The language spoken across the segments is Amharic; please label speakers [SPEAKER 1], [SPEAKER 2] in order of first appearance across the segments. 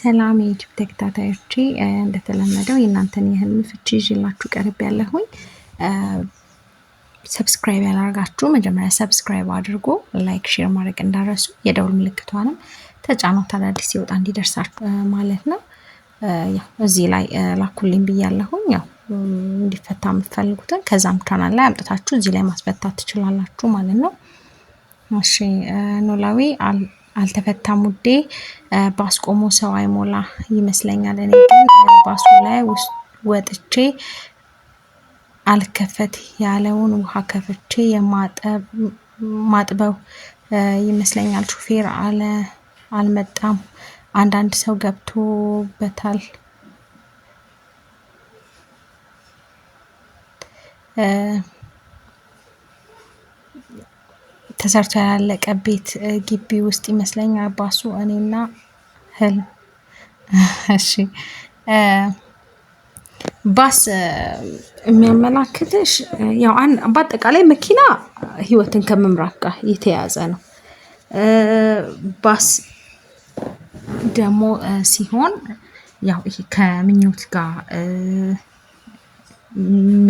[SPEAKER 1] ሰላም የዩቲዩብ ተከታታዮቼ እንደተለመደው የእናንተን የህልም ፍቺ ይዤላችሁ ቀርብ ያለሁኝ። ሰብስክራይብ ያላርጋችሁ መጀመሪያ ሰብስክራይብ አድርጎ ላይክ፣ ሼር ማድረግ እንዳረሱ የደውል ምልክቷንም ተጫኖት አዳዲስ ሲወጣ እንዲደርሳችሁ ማለት ነው። እዚህ ላይ ላኩልኝ ብያለሁኝ። ያው እንዲፈታ የምትፈልጉትን ከዛም ቻናል ላይ አምጥታችሁ እዚህ ላይ ማስፈታት ትችላላችሁ ማለት ነው። እሺ ኖላዊ አልተፈታም ውዴ። ባስ ቆሞ ሰው አይሞላ ይመስለኛል። እኔ ግን ባሱ ላይ ወጥቼ አልከፈት ያለውን ውሃ ከፍቼ የማጥበው ይመስለኛል። ሹፌር አለ አልመጣም። አንዳንድ ሰው ገብቶበታል። በታል ተሰርቶ ያላለቀ ቤት ግቢ ውስጥ ይመስለኛል ባሱ። እኔና ህል እሺ ባስ የሚያመላክትሽ ያው በአጠቃላይ መኪና ህይወትን ከመምራት ጋር የተያያዘ ነው። ባስ ደግሞ ሲሆን ያው ይሄ ከምኞት ጋር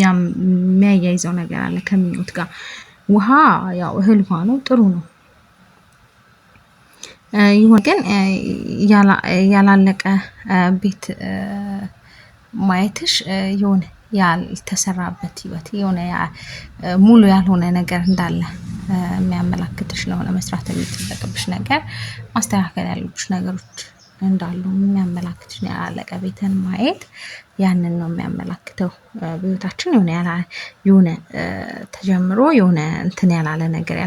[SPEAKER 1] የሚያያይዘው ነገር አለ ከምኞት ጋር ውሃ ያው እህል ውሃ ነው፣ ጥሩ ነው። ይሁን ግን ያላለቀ ቤት ማየትሽ የሆነ ያልተሰራበት ህይወት የሆነ ሙሉ ያልሆነ ነገር እንዳለ የሚያመላክትሽ ለሆነ መስራት የሚጠበቅብሽ ነገር ማስተካከል ያለብሽ ነገሮች እንዳሉ የሚያመላክት ነው። ያላለቀ ቤትን ማየት ያንን ነው የሚያመላክተው። በህይወታችን የሆነ የሆነ ተጀምሮ የሆነ እንትን ያላለ ነገር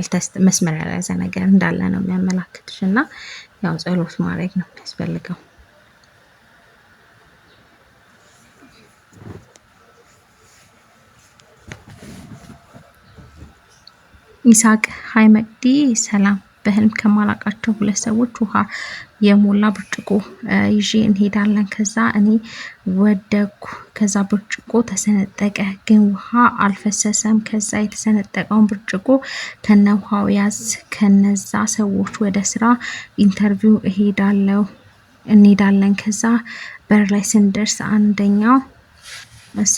[SPEAKER 1] መስመር ያልያዘ ነገር እንዳለ ነው የሚያመላክትሽ እና ያው ጸሎት ማድረግ ነው የሚያስፈልገው። ይሳቅ ሀይ መቅዲ ሰላም በህልም ከማላቃቸው ሁለት ሰዎች ውሃ የሞላ ብርጭቆ ይዤ እንሄዳለን። ከዛ እኔ ወደኩ። ከዛ ብርጭቆ ተሰነጠቀ፣ ግን ውሃ አልፈሰሰም። ከዛ የተሰነጠቀውን ብርጭቆ ከነ ውሃው ያዝ። ከነዛ ሰዎች ወደ ስራ ኢንተርቪው እሄዳለሁ እንሄዳለን። ከዛ በር ላይ ስንደርስ አንደኛው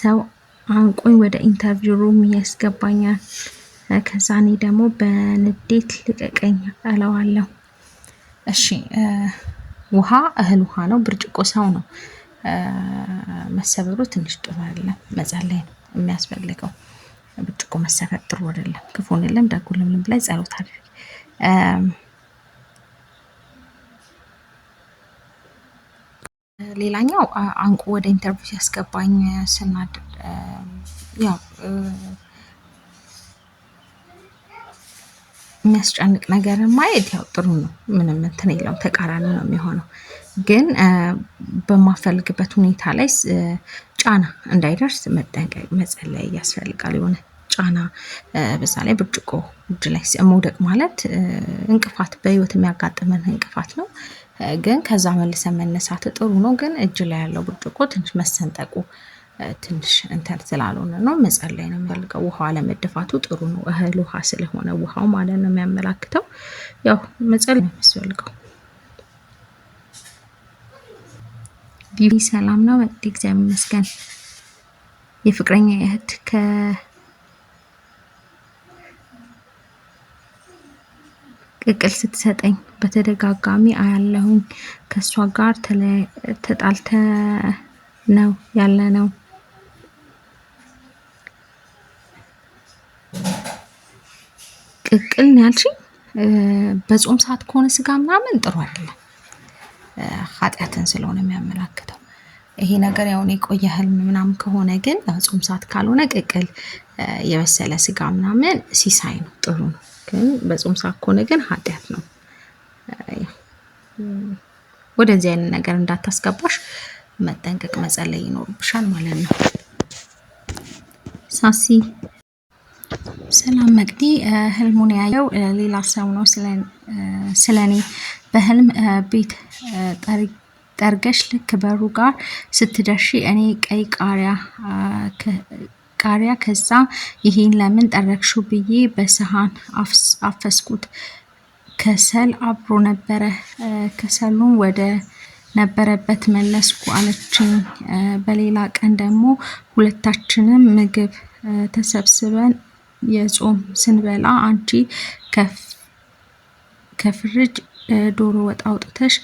[SPEAKER 1] ሰው አንቆኝ ወደ ኢንተርቪው ሩም ያስገባኛል። ከዛ እኔ ደግሞ በንዴት ልቀቀኝ እለዋለሁ። እሺ ውሃ እህል ውሃ ነው፣ ብርጭቆ ሰው ነው። መሰበሩ ትንሽ ጥሩ አይደለም። መጸለይ ነው የሚያስፈልገው። ብርጭቆ መሰበር ጥሩ አይደለም። ክፉን የለም ደጉንም ልብ ላይ ጸሎት አድርግ። ሌላኛው አንቁ ወደ ኢንተርቪው ሲያስገባኝ ስናድር ያው የሚያስጨንቅ ነገር ማየት ያው ጥሩ ነው። ምንም እንትን የለውም። ተቃራኒ ነው የሚሆነው። ግን በማፈልግበት ሁኔታ ላይ ጫና እንዳይደርስ መጠንቀቅ፣ መጸለይ ያስፈልጋል። የሆነ ጫና በዛ ላይ ብርጭቆ እጅ ላይ መውደቅ ማለት እንቅፋት በህይወት የሚያጋጥመን እንቅፋት ነው። ግን ከዛ መልሰ መነሳት ጥሩ ነው። ግን እጅ ላይ ያለው ብርጭቆ ትንሽ መሰንጠቁ ትንሽ እንትን ስላልሆነ ነው ላይ ነው የሚፈልገው። ውሃ ለመደፋቱ ጥሩ ነው። እህል ውሃ ስለሆነ ውሃው ማለት ነው የሚያመላክተው። ያው መጸር ነው የሚፈልገው። ሰላም ነው ወቅት እግዚአብሔር ይመስገን። የፍቅረኛ እህት ከ ቅቅል ስትሰጠኝ በተደጋጋሚ አያለሁኝ። ከእሷ ጋር ተጣልተ ነው ያለ ነው። ቅቅል ነው በጾም ሰዓት ከሆነ ስጋ ምናምን ጥሩ አይደለም፣ ኃጢአትን ስለሆነ የሚያመላክተው ይሄ ነገር። ያው የቆየ ህልም ምናምን ከሆነ ግን በጾም ሰዓት ካልሆነ ቅቅል የበሰለ ስጋ ምናምን ሲሳይ ነው፣ ጥሩ ነው። ግን በጾም ሰዓት ከሆነ ግን ኃጢአት ነው። ወደዚህ አይነት ነገር እንዳታስገባሽ መጠንቀቅ መጸለይ ይኖርብሻል ማለት ነው ሳሲ ሰላም መቅዲ ህልሙን ያየው ሌላ ሰው ነው። ስለኔ በህልም ቤት ጠርገሽ ልክ በሩ ጋር ስትደርሺ እኔ ቀይ ቃሪያ ቃሪያ ከዛ ይሄን ለምን ጠረግሹ ብዬ በሰሃን አፈስኩት። ከሰል አብሮ ነበረ። ከሰሉን ወደ ነበረበት መለስኩ አለችኝ። በሌላ ቀን ደግሞ ሁለታችንም ምግብ ተሰብስበን የጾም ስንበላ አንቺ ከፍርጅ ዶሮ ወጥ አውጥተሽ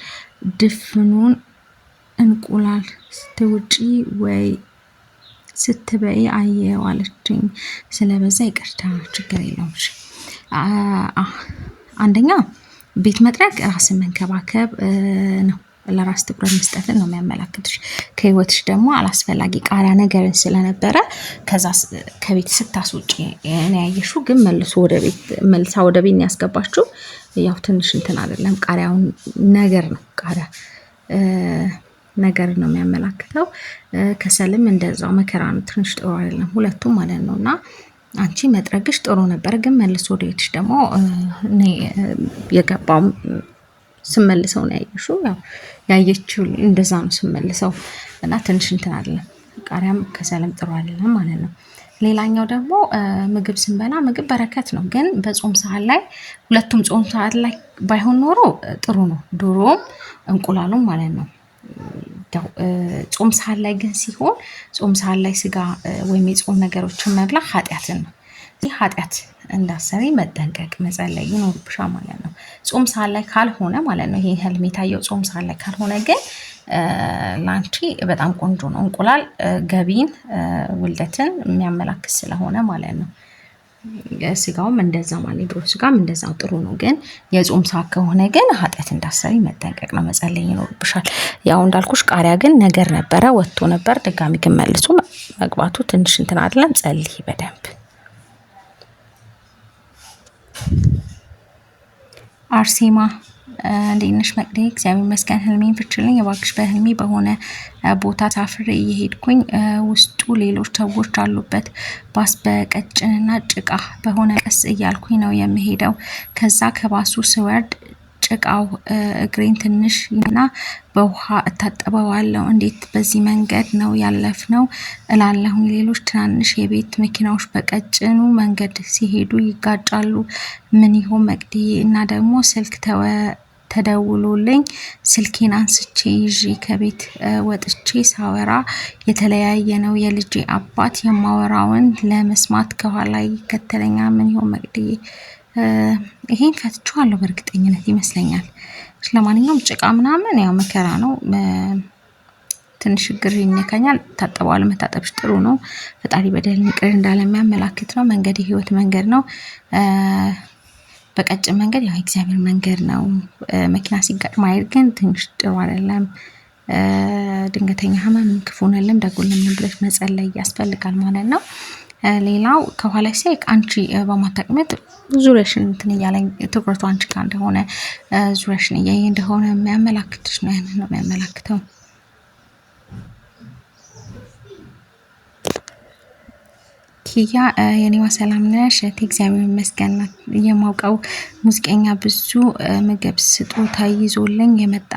[SPEAKER 1] ድፍኑን እንቁላል ስትውጪ ወይ ስትበይ አየው ስለበዛ ይቅርታ፣ ችግር የለውም። አንደኛ ቤት መጥረግ ራስን መንከባከብ ነው። ለራስ ትኩረት መስጠትን ነው የሚያመላክትሽ። ከህይወትሽ ደግሞ አላስፈላጊ ቃሪያ ነገርን ስለነበረ ከዛ ከቤት ስታስወጪ እኔ ያየሽው ግን መልሶ ወደ ቤት መልሳ ወደ ቤት ያስገባችው። ያው ትንሽ እንትን አይደለም ቃሪያውን ነገር ነው ቃሪያ ነገር ነው የሚያመላክተው። ከሰልም እንደዛው መከራ ነው፣ ትንሽ ጥሩ አይደለም ሁለቱም ማለት ነው እና አንቺ መጥረግሽ ጥሩ ነበር፣ ግን መልሶ ወደ ቤትሽ ደግሞ የገባው ስመልሰው ነው ያየሽው። ያው ያየችው እንደዛ ነው ስመልሰው እና ትንሽ እንትን አይደለም። ቃሪያም ከሰልም ጥሩ አይደለም ማለት ነው። ሌላኛው ደግሞ ምግብ ስንበላ ምግብ በረከት ነው፣ ግን በጾም ሰዓት ላይ ሁለቱም ጾም ሰዓት ላይ ባይሆን ኖሮ ጥሩ ነው፣ ዶሮም እንቁላሉም ማለት ነው። ጾም ሰዓት ላይ ግን ሲሆን ጾም ሰዓት ላይ ስጋ ወይም የጾም ነገሮችን መብላ ኃጢአትን ነው። ይህ ኃጢአት እንዳሰቢ መጠንቀቅ መጸለይ ይኖርብሻል ማለት ነው። ጾም ሰዓት ላይ ካልሆነ ማለት ነው። ይሄ ህልም የታየው ጾም ሰዓት ላይ ካልሆነ ግን ላንቺ በጣም ቆንጆ ነው። እንቁላል ገቢን፣ ውልደትን የሚያመላክት ስለሆነ ማለት ነው። ስጋውም እንደዛ ማለት ድሮ ስጋም እንደዛ ጥሩ ነው። ግን የጾም ሰዓት ከሆነ ግን ኃጢአት እንዳሰሪ መጠንቀቅ ነው፣ መጸለይ ይኖርብሻል። ያው እንዳልኩሽ ቃሪያ ግን ነገር ነበረ ወጥቶ ነበር። ድጋሚ ግን መልሶ መግባቱ ትንሽ እንትን አይደለም። ጸልይ በደንብ አርሴማ እንዴት ነሽ መቅዴ? እግዚአብሔር ይመስገን። ህልሜን ፍችልኝ እባክሽ። በህልሜ በሆነ ቦታ ታፍሬ እየሄድኩኝ ውስጡ ሌሎች ሰዎች አሉበት ባስ በቀጭንና ጭቃ በሆነ ቀስ እያልኩኝ ነው የምሄደው። ከዛ ከባሱ ስወርድ ጭቃው እግሬን ትንሽ እና በውሃ እታጠበዋለሁ። እንዴት በዚህ መንገድ ነው ነው እላለሁኝ። ሌሎች ትናንሽ የቤት መኪናዎች በቀጭኑ መንገድ ሲሄዱ ይጋጫሉ። ምን ይሆን መቅድዬ? እና ደግሞ ስልክ ተደውሎልኝ ስልኬን አንስቼ ይዤ ከቤት ወጥቼ ሳወራ የተለያየ ነው የልጄ አባት። የማወራውን ለመስማት ከኋላ ይከተለኛ። ምን ይሆን መቅድዬ? ይሄን ፈትቼዋለሁ በእርግጠኝነት ይመስለኛል። ለማንኛውም ጭቃ ምናምን ያው መከራ ነው። ትንሽ እግር ይነካኛል። ታጠበዋል። መታጠብሽ ጥሩ ነው። ፈጣሪ በደል ይቅር እንዳለ የሚያመላክት ነው። መንገድ የህይወት መንገድ ነው። በቀጭን መንገድ ያው የእግዚአብሔር መንገድ ነው። መኪና ሲጋጥም አይር ግን ትንሽ ጥሩ አይደለም። ድንገተኛ ህመም ክፉንልም ደጉልም ብለሽ መጸለይ ያስፈልጋል ማለት ነው። ሌላው ከኋላ ሲያይቅ አንቺ በማታቅመጥ ዙሪያሽን እንትን እያለ ትኩረቱ አንቺ ጋር እንደሆነ ዙሪያሽን እያየ እንደሆነ የሚያመላክትሽ ነው። ያንን ነው የሚያመላክተው። ኪያ የኔዋ ሰላም ነሽ? እግዚአብሔር ይመስገን። የማውቀው ሙዚቀኛ ብዙ ምግብ ስጦታ ይዞልኝ የመጣ